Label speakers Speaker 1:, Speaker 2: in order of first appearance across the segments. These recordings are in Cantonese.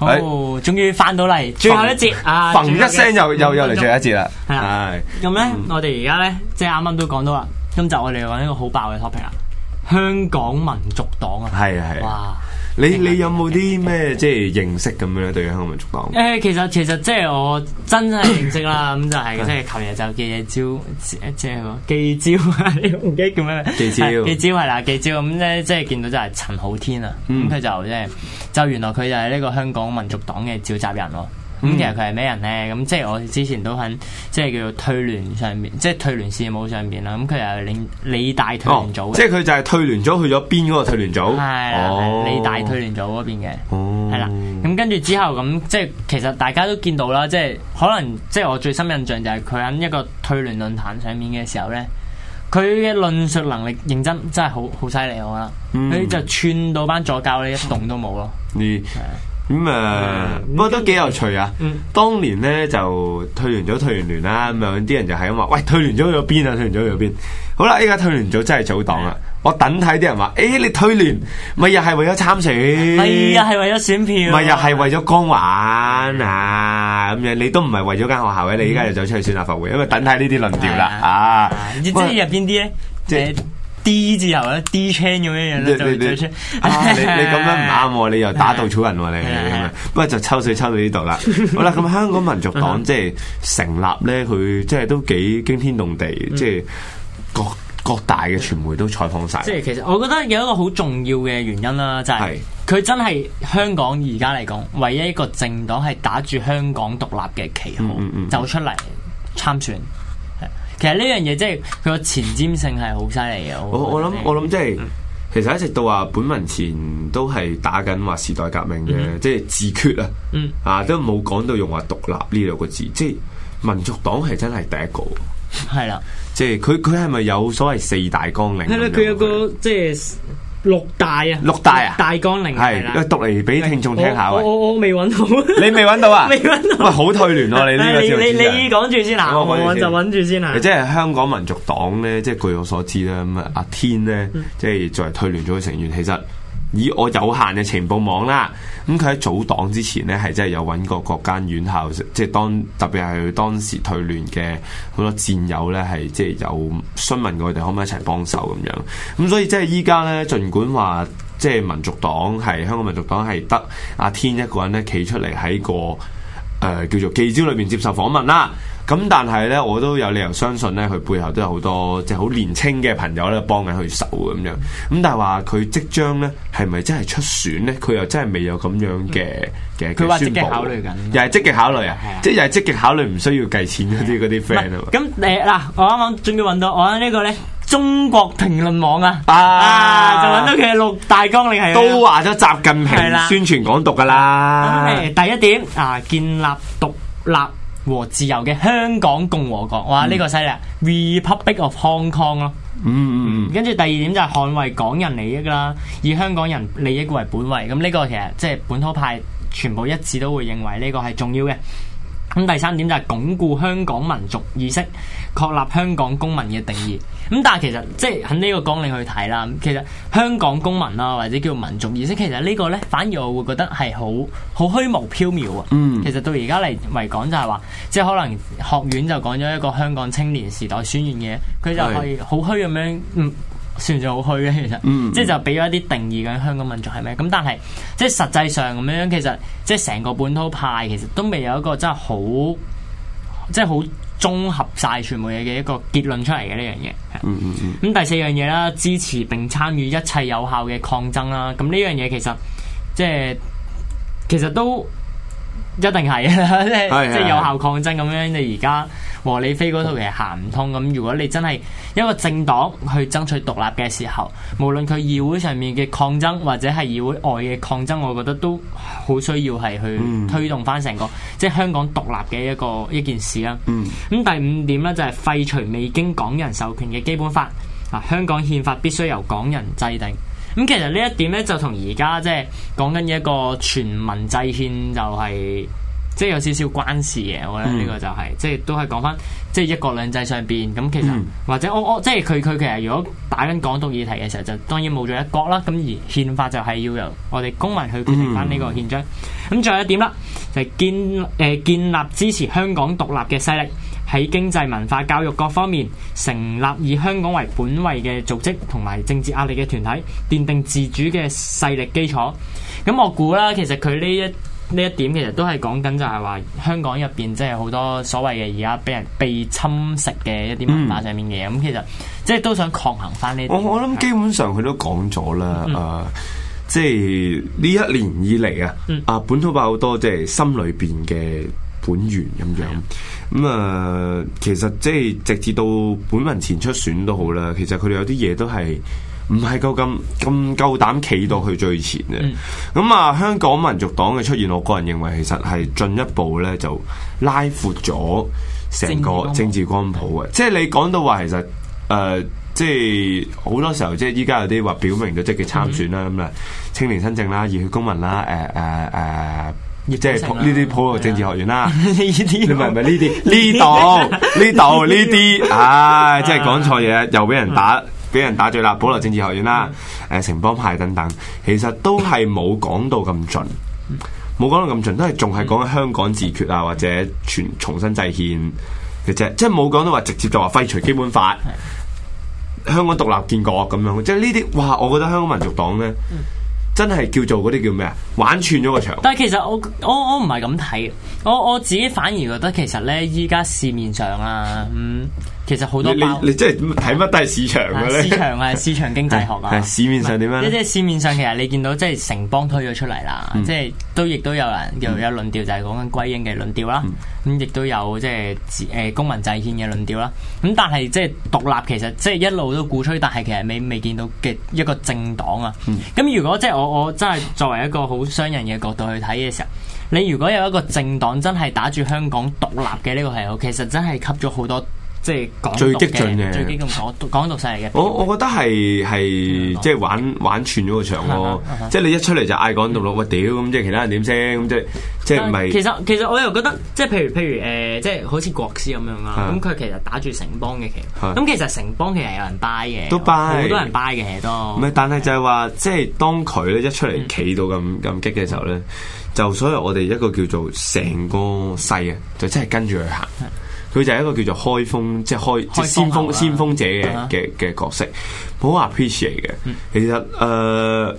Speaker 1: 哦，
Speaker 2: 終於返到嚟最後一節啊！嘭一聲又又又嚟最後一節啦，
Speaker 1: 係咁
Speaker 2: 咧，嗯，我哋而家咧即係啱啱都講到啦，今集我哋要搵一個好爆嘅 topic 啊，香港民族黨啊，係啊係，哇！
Speaker 1: 你你有冇啲咩即係認識咁樣咧？對於香港民族黨
Speaker 2: 誒，其實其實即係我真係認識啦。咁 就係即係琴日就記招即係記招啊！唔記得叫咩記招？記招係啦，記招咁咧即係見到就係陳浩天啊。咁佢、嗯、就即係就原來佢就係呢個香港民族黨嘅召集人囉。咁、嗯、其實佢係咩人咧？咁即係我之前都喺即係叫做退聯上面，即係退聯事務上面啦。咁佢係理理大退聯組、哦，即係
Speaker 1: 佢就係退聯組去咗邊嗰個退聯組？係理了、哦、大退聯
Speaker 2: 組嗰邊嘅。係啦、哦。咁跟住之後咁，即係其實大家都見到啦。即係可能即係我最深印象就係佢喺一個退聯論壇上面嘅時候咧，佢嘅論述能力認真真係好好犀利，我覺得。佢就串到班助教咧，一棟都冇咯。
Speaker 1: 你、嗯？嗯 咁啊，我覺得幾有趣啊！當年咧就退完組退完聯啦，咁樣啲人就係咁話：，喂，退聯去咗邊啊？退聯組去咗邊？好啦，依家退聯組真係組黨啦！我等睇啲人話：，誒，你退聯咪又係為咗參選？咪又係為咗選票？咪又係為咗光環啊？咁樣你都唔係為咗間學校嘅，你依家就走出去選立法會，因為等睇呢啲論調啦啊！
Speaker 2: 知係入邊啲咧，即係。D 字頭咧，D chain 咁嘅嘢咧，就你咁、啊、 樣唔
Speaker 1: 啱喎，你又打稻草人喎、啊，你咁啊。 不過就抽水抽到呢度啦。好啦，咁香港民族黨 即係成立咧，佢即係都幾驚天動地，嗯、即係各各大嘅傳媒都採訪晒。即係
Speaker 2: 其實，我覺得有一個好重要嘅原因啦，就係佢真係香港而家嚟講，唯一一個政黨係打住香港獨立嘅旗號走出嚟參選。嗯嗯嗯其實呢樣嘢，即係佢個前瞻性係好犀利嘅。我我諗我諗即係，就
Speaker 1: 是嗯、其實一直到話本文前都係打緊話時代革命嘅，嗯、即係自決、嗯、啊，啊都冇講到用話獨立呢兩個字。即係民族黨係真係第一個，係啦是的。即係佢佢係咪有所謂四大綱領？係啦，佢有
Speaker 2: 個即係。六大啊，六大啊，大江凌
Speaker 1: 係，讀嚟俾聽眾聽下喂。我
Speaker 2: 我未揾到，
Speaker 1: 你未揾到啊？未揾到，喂，好退聯咯，你呢個叫？你你你講住先啦，我就揾
Speaker 2: 住先啦。即
Speaker 1: 係香港民族黨咧，即係據我所知啦，咁啊阿天咧，即係作為退聯組嘅成員，其實。以我有限嘅情報網啦，咁佢喺組黨之前呢，係真係有揾過各間院校，即係當特別係當時退聯嘅好多戰友呢，係即係有詢問過佢哋可唔可以一齊幫手咁樣。咁所以即係依家呢，儘管話即係民族黨係香港民族黨係得阿天一個人呢，企出嚟喺個。誒、呃，叫做記招裏邊接受訪問啦，咁但係咧，我都有理由相信咧，佢背後都有好多即係好年青嘅朋友咧，幫緊佢手咁樣。咁但係話佢即將咧，係咪真係出選咧？佢又真係未有咁樣嘅嘅。佢話積極考慮緊，又係積極考慮啊，即係又係積極考慮，唔需要計錢嗰啲嗰啲 friend 啊。
Speaker 2: 咁誒，嗱，我啱啱仲要問到我呢個咧。中國評論網啊，啊就揾到佢六大綱，你係都
Speaker 1: 話咗習近平宣傳港獨噶啦。
Speaker 2: 第一點啊，建立獨立和自由嘅香港共和國，哇呢個犀利，嗯，Republic of Hong Kong 咯。嗯嗯。嗯嗯跟住第二點就係捍衛港人利益啦，以香港人利益為本位，咁呢個其實即係本土派全部一致都會認為呢個係重要嘅。咁第三點就係鞏固香港民族意識，確立香港公民嘅定義。咁但係其實即係喺呢個綱領去睇啦，其實香港公民啦或者叫民族意識，其實個呢個咧反而我會覺得係好好虛無縹緲啊。嗯、其實到而家嚟嚟講就係話，即係可能學院就講咗一個香港青年時代宣言嘅，佢就係好虛咁樣是、嗯，算唔算好虛咧、嗯嗯？其實，即係就俾咗一啲定義緊香港民族係咩？咁但係即係實際上咁樣，其實即係成個本土派其實都未有一個真係好，即係好綜合晒全部嘢嘅一個結論出嚟嘅呢樣嘢。這個嗯嗯嗯，咁第四樣嘢啦，支持並參與一切有效嘅抗爭啦。咁呢樣嘢其實，即係其實都。一定係，即係有效抗爭咁樣。你而家和理非嗰套嘢行唔通，咁如果你真係一個政黨去爭取獨立嘅時候，無論佢議會上面嘅抗爭或者係議會外嘅抗爭，我覺得都好需要係去推動返成個、mm. 即係香港獨立嘅一個一件事啦。咁、mm. 第五點呢，就係廢除未經港人授權嘅基本法，啊，香港憲法必須由港人制定。咁其實呢一點咧，就同而家即係講緊一個全民制憲，就是，就係即係有少少關事嘅。嗯、我覺得呢個就係即係都係講翻，即係一國兩制上邊咁。其實或者我我即係佢佢其實如果打緊港獨議題嘅時候，就當然冇咗一國啦。咁而憲法就係要由我哋公民去決定翻呢個憲章。咁仲有一點啦，就係、是、建、誒、呃、建立支持香港獨立嘅勢力。喺經濟、文化、教育各方面成立以香港為本位嘅組織同埋政治壓力嘅團體，奠定自主嘅勢力基礎。咁我估啦，其實佢呢一呢一點其實都係講緊就係話香港入邊即係好多所謂嘅而家俾人被侵蝕嘅一啲文化上面嘅嘢。咁、嗯、其實即係都想抗衡翻呢啲。我
Speaker 1: 我諗基本上佢都講咗啦，誒、嗯，即係呢一年以嚟、嗯、啊，啊本土派好多，即係心裏邊嘅。本源咁樣，咁啊的、嗯，其實即係直至到本民前出選都好啦。其實佢哋有啲嘢，都係唔係夠咁咁夠膽企到去最前嘅。咁啊、嗯嗯，香港民族黨嘅出現，我個人認為其實係進一步咧就拉闊咗成個政治光譜嘅、嗯嗯呃。即係你講到話，其實誒，即係好多時候，即係依家有啲話表明咗即係參選啦。咁啊、嗯，青年、嗯、新政啦，熱血公民啦，誒誒誒。呃呃呃呃即係，呢啲普羅政治學院啦，呢啲唔係唔係呢啲？呢度呢度呢啲，唉、哎，即係講錯嘢，又俾人打，俾 人打罪啦。普羅政治學院啦，誒，城邦派等等，其實都係冇講到咁盡，冇講 到咁盡，都係仲係講香港自決啊，或者重重新制憲嘅啫，即係冇講到話直接就話廢除基本法， 香港獨立建國咁樣。即係呢啲，哇！我覺得香港民族黨咧。真係叫做嗰啲叫咩啊？玩串咗個場。
Speaker 2: 但係其實我我我唔係咁睇，我我，我，我自己反而覺得其實呢，依家市面上啊，嗯。其實好多包，你
Speaker 1: 即係睇乜都係市場嘅咧，啊。市場
Speaker 2: 啊，市場經濟學啊。 市面上點樣？即係市面上其實你見到即係城邦推咗出嚟啦，即係、嗯、都亦都有人又、嗯、有論調就係講緊歸英嘅論調啦。咁亦、嗯、都有即係誒公民制憲嘅論調啦。咁但係即係獨立其實即係一路都鼓吹，但係其實未未見到嘅一個政黨啊。咁、嗯、如果即係我我真係作為一個好商人嘅角度去睇嘅時候，你如果有一個政黨真係打住香港獨立嘅呢個系統，其實真係吸咗好多。即係講最激進嘅，最激進講講港獨勢嘅。我
Speaker 1: 我覺得係係即係玩玩串咗個場咯。即係你一出嚟就嗌港獨咯，我屌咁，即係其他人點先咁即？即係唔係？其實
Speaker 2: 其實我又覺得即係譬如譬如誒，即係好似國師咁樣啦。咁佢其實打住城邦嘅旗，咁其實城邦其實有人 buy 嘅，都 buy，好多人 buy 嘅都。唔係，
Speaker 1: 但係就係話即係當佢咧一出嚟企到咁咁激嘅時候咧，就所謂我哋一個叫做成個勢啊，就真係跟住佢行。佢就係一個叫做開封，即係開即係先鋒鋒先鋒者嘅嘅嘅角色，好 appreciate 嘅。嗯、其實誒、呃、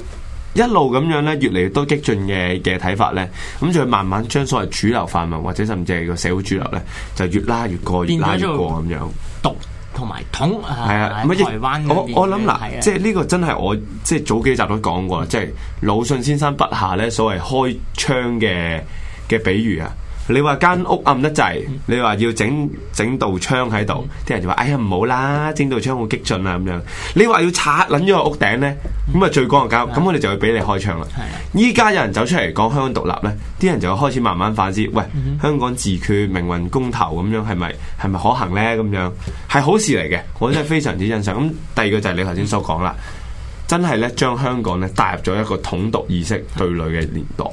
Speaker 1: 一路咁樣咧，越嚟越多激進嘅嘅睇法咧，咁就慢慢將所謂主流泛民或者甚至係個社會主流咧，就越拉越過，越拉越過咁樣，
Speaker 2: 獨同埋統啊，係啊，台灣我我諗嗱的，即係
Speaker 1: 呢個真係我即係早幾集都講過，嗯嗯、即係魯迅先生筆下咧所謂開窗嘅嘅比喻啊。你話間屋暗得滯，嗯、你話要整整道窗喺度，啲、嗯、人就話：哎呀唔好啦，整道窗好激進啦咁樣。你話要拆捻咗個屋頂呢？咁啊最講就咁，咁我哋就要俾你開窗啦。依家，嗯、有人走出嚟講香港獨立呢，啲人就會開始慢慢反思：喂，香港自決命運公投咁樣係咪係咪可行呢？咁樣係好事嚟嘅，我真係非常之欣賞。咁、嗯、第二個就係你頭先所講啦，真係呢，將香港呢帶入咗一個統獨意識對壘嘅年代。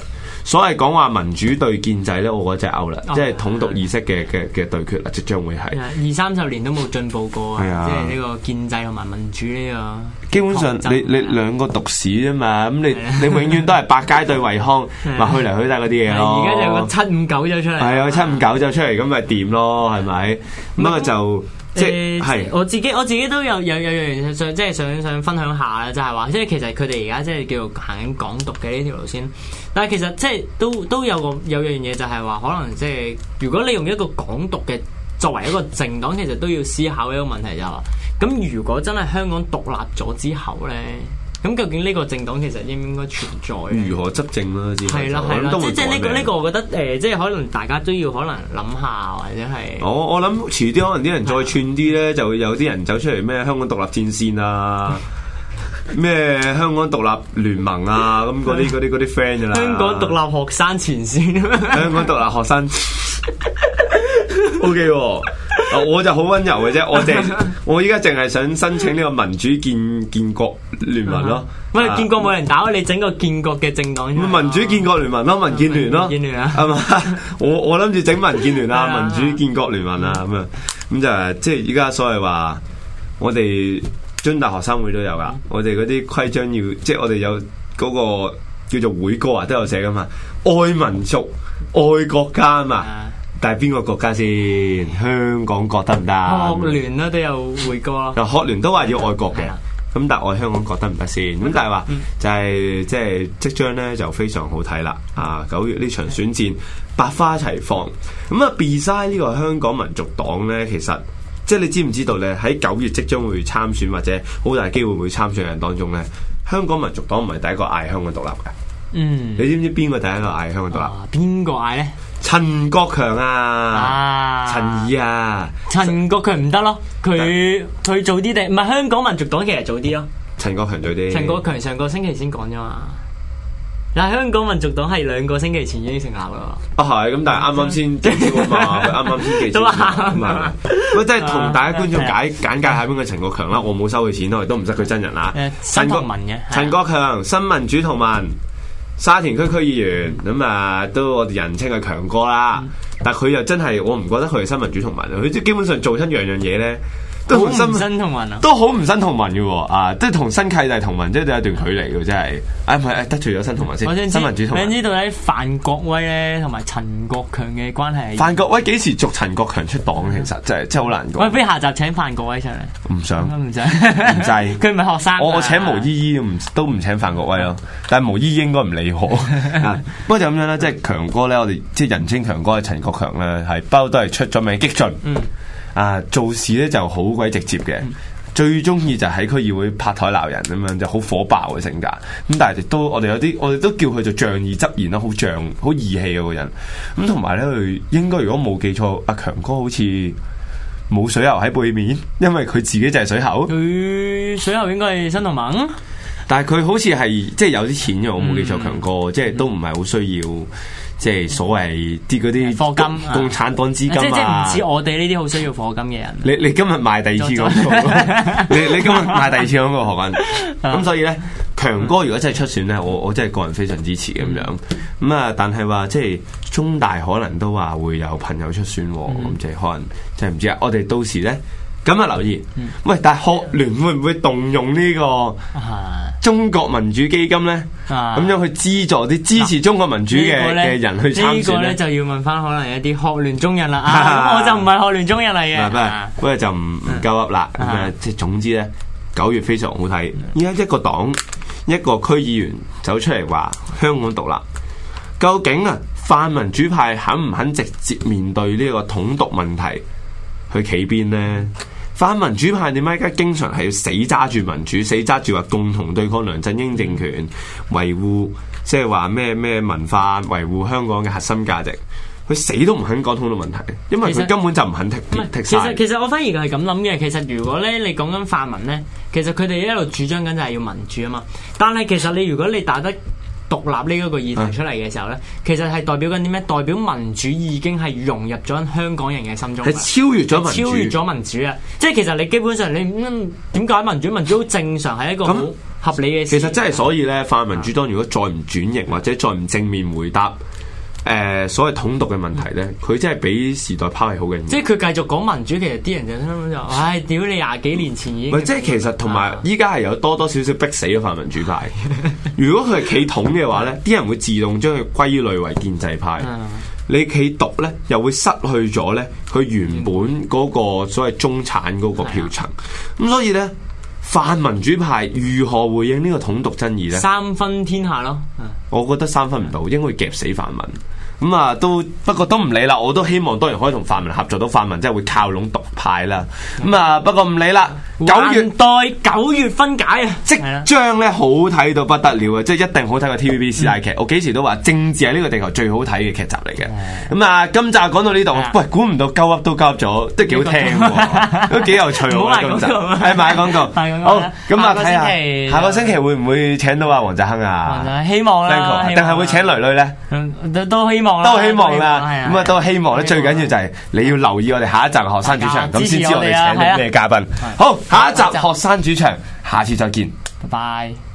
Speaker 1: 所謂講話民主對建制咧，我覺得就係 out 啦，即係統獨意識嘅、嘅、嘅對決啦，即將會係
Speaker 2: 二三十年都冇進步過啊！即係呢個建制同埋民主呢個，基本上你
Speaker 1: 你兩個獨市啫嘛，咁你你永遠都係百佳對惠康，話去嚟去得嗰啲嘢咯。而家有個七五
Speaker 2: 九咗出嚟，係
Speaker 1: 啊，七五九咗出嚟咁咪掂咯？係咪咁啊就？即係，
Speaker 2: 我、嗯嗯、自己我自己都有有有樣嘢想即係想想分享下啦，就係、是、話，即、就、係、是、其實佢哋而家即係叫做行緊港獨嘅呢條路線，但係其實即係都都有個有樣嘢就係、是、話，可能即、就、係、是、如果你用一個港獨嘅作為一個政黨，其實都要思考一個問題就係、是、話，咁如果真係香港獨立咗之後咧？咁究竟呢個政黨其實應唔應該存在？如何
Speaker 1: 執政啦、啊？係啦係啦，即係呢個呢個，這個、
Speaker 2: 我覺得誒、呃，即係可能大家都要可能諗下或者係、哦。
Speaker 1: 我我諗遲啲可能啲人再串啲咧，的就會有啲人走出嚟咩香港獨立戰線啊，咩 香港獨立聯盟啊，咁嗰啲嗰啲嗰啲 friend 㗎啦。啊、 香港獨立
Speaker 2: 學生前線、啊， 香港獨
Speaker 1: 立學生，O K。 okay 哦。我就好溫柔嘅啫，我哋，我依家淨係想申請呢個民主建建國聯盟咯、嗯。唔係建
Speaker 2: 國冇人打，嗯、你整個建國嘅政
Speaker 1: 黨。民主建國聯盟咯，民建聯咯，民建聯啊。我我諗住整民建聯啊，民主建國聯盟啊咁啊。咁就係即係依家所謂話，我哋中大學生會都有噶。我哋嗰啲規章要，即係我哋有嗰個叫做會歌啊，都有寫噶嘛。愛民族，愛國家嘛。嗯 係邊個國家先？香港國得唔得？學
Speaker 2: 聯啦都有回過，
Speaker 1: 學聯都話要愛國嘅，咁但係愛香港國得唔得先？咁但係話就係即係即將咧就非常好睇啦。啊，九月呢場選戰百花齊放。咁啊 Besides 呢個香港民族黨咧，其實即係你知唔知道咧？喺九月即將會參選或者好大機會會參選人當中咧，香港民族黨唔係第一個嗌香港獨立嘅。嗯，你知唔知邊個第一個嗌香港獨立？
Speaker 2: 邊個嗌咧？陳國強啊，陳義啊，陳國強唔得咯，佢佢早啲定唔係香港民族黨其實早啲咯，
Speaker 1: 陳國強早啲，陳國
Speaker 2: 強上個星期先講咗嘛，嗱，香港民族黨係兩個星期前已經成立咯，
Speaker 1: 啊係，咁但係啱啱先，啱啱先記住，唔係唔係，我即係同大家觀眾解簡介下邊個陳國強啦，我冇收佢錢咯，都唔識佢真人啊，陳國民嘅，陳國強新民主同盟。沙田區區議員咁啊，嗯、都我哋人稱係強哥啦。嗯、但佢又真係，我唔覺得佢係新民主同盟。佢即係基本上做親樣樣嘢呢，都好唔新同文啊！都好唔新同文嘅，啊，即係同新契弟同文，即係有一段距離嘅，真係。哎，唔係，得罪咗新同文先。新文主同。我想知道
Speaker 2: 到底范國威咧同埋陳國強嘅關係。范國
Speaker 1: 威幾時逐陳國強出黨？其實真係真係好難講。喂，不如
Speaker 2: 下集請范國威上嚟。唔想，唔
Speaker 1: 制，佢唔係學生。我我請毛依依，唔都唔請范國威咯。但係毛依應該唔理我。不過就咁樣啦，即係強哥咧，我哋即係人稱強哥嘅陳國強咧，係不嬲都係出咗名激進。嗯。啊！做事咧就好鬼直接嘅，嗯、最中意就喺區議會拍台鬧人咁樣，就好火爆嘅性格。咁、嗯、但係亦都，我哋有啲，我哋都叫佢做仗義執言啦，好仗，好義氣嗰個人。咁同埋咧，佢應該如果冇記錯，阿、啊、強哥好似冇水喉喺背面，因為佢自己就係水喉。佢水喉應該係新同盟，但係佢好似係即係有啲錢嘅，我冇記錯強哥，即係、嗯、都唔係好需要。即係所謂啲嗰啲，貨金啊，共產黨資金啊，金啊即係唔似
Speaker 2: 我哋呢啲好需要貨金嘅人，
Speaker 1: 啊你。你你今日賣第二次咁， 你你今日賣第二次咁個學問。咁 所以咧，強哥如果真係出選咧，我我真係個人非常支持咁樣。咁啊，但係話即係中大可能都話會有朋友出選，咁、嗯、就可能即係唔知啊。我哋到時咧。咁啊留意，喂！但係學聯會唔會動用呢個中國民主基金咧？咁、啊、樣去資助啲支持中國民主嘅嘅人去參選咧？呢個咧、這個、就
Speaker 2: 要問翻，可能一啲學聯中人啦。啊啊、我就唔係學聯中人嚟嘅，不
Speaker 1: 過就唔唔夠噏啦。咁啊，即係、啊、總之咧，九、啊、月非常好睇。依家、啊、一個黨一個區議員走出嚟，話香港獨立，究竟啊泛民主派肯唔肯直接面對呢個統獨問題去企邊咧？泛民主派點解而家經常係要死揸住民主，死揸住話共同對抗梁振英政權，維護即係話咩咩文化，維護香港嘅核心價值，佢死都唔肯講通道問題，因為佢根本就唔肯停停，其實其實，
Speaker 2: 其實我反而係咁諗嘅。其實如果咧你講緊泛民咧，其實佢哋一路主張緊就係要民主啊嘛，但係其實你如果你打得獨立呢一個議題出嚟嘅時候呢，啊、其實係代表緊啲咩？代表民主已經係融入咗香港人嘅心中，係超越咗民主，超越咗民主啊！即係其實你基本上你點解、嗯、民主？民主好正常，係 一個好合理嘅事。其
Speaker 1: 實即係，所以呢， 泛民主黨如果再唔轉型或者再唔正面回答。誒、呃、所謂統獨嘅問題咧，佢、嗯、真係俾時代拋棄好嘅，即係佢
Speaker 2: 繼續講民主，嗯、其實啲人就聽咁唉，屌你廿幾年前已經。即係其實
Speaker 1: 同埋依家係有多多少少逼死咗泛民主派。 如果佢係企統嘅話咧，啲人會自動將佢歸類為建制派。嗯、你企獨咧，又會失去咗咧佢原本嗰個所謂中產嗰個票層。咁、嗯嗯、所以咧，泛民主派如何回應呢個統獨爭議咧？
Speaker 2: 三分天下咯，
Speaker 1: 我覺得三分唔到，應該夾死泛民。咁啊、嗯，都不過都唔理啦。我都希望當然可以同泛民合作，到泛民即係會靠攏獨派啦。咁、嗯、啊、 嗯嗯，不過唔理啦。九月代
Speaker 2: 九月分解啊，即
Speaker 1: 將咧好睇到不得了啊！即係一定好睇過 T V B 時代劇。我幾時都話政治係呢個地球最好睇嘅劇集嚟嘅。咁啊，今集講到呢度，喂，估唔到鳩噏，都鳩噏咗，都幾好聽，都幾有趣。唔好賣廣告，
Speaker 2: 係賣廣告。好，咁啊，睇下下個星期
Speaker 1: 會唔會請到阿王澤亨啊？
Speaker 2: 希望啦，定
Speaker 1: 係會請雷雷咧？都希望啦，都希望啦。咁啊，都希望咧。最緊要就係你要留意我哋下一集學生主場，咁先知我哋請到咩嘉賓。好。下一集喂學生主場，就下次再見，
Speaker 2: 拜拜。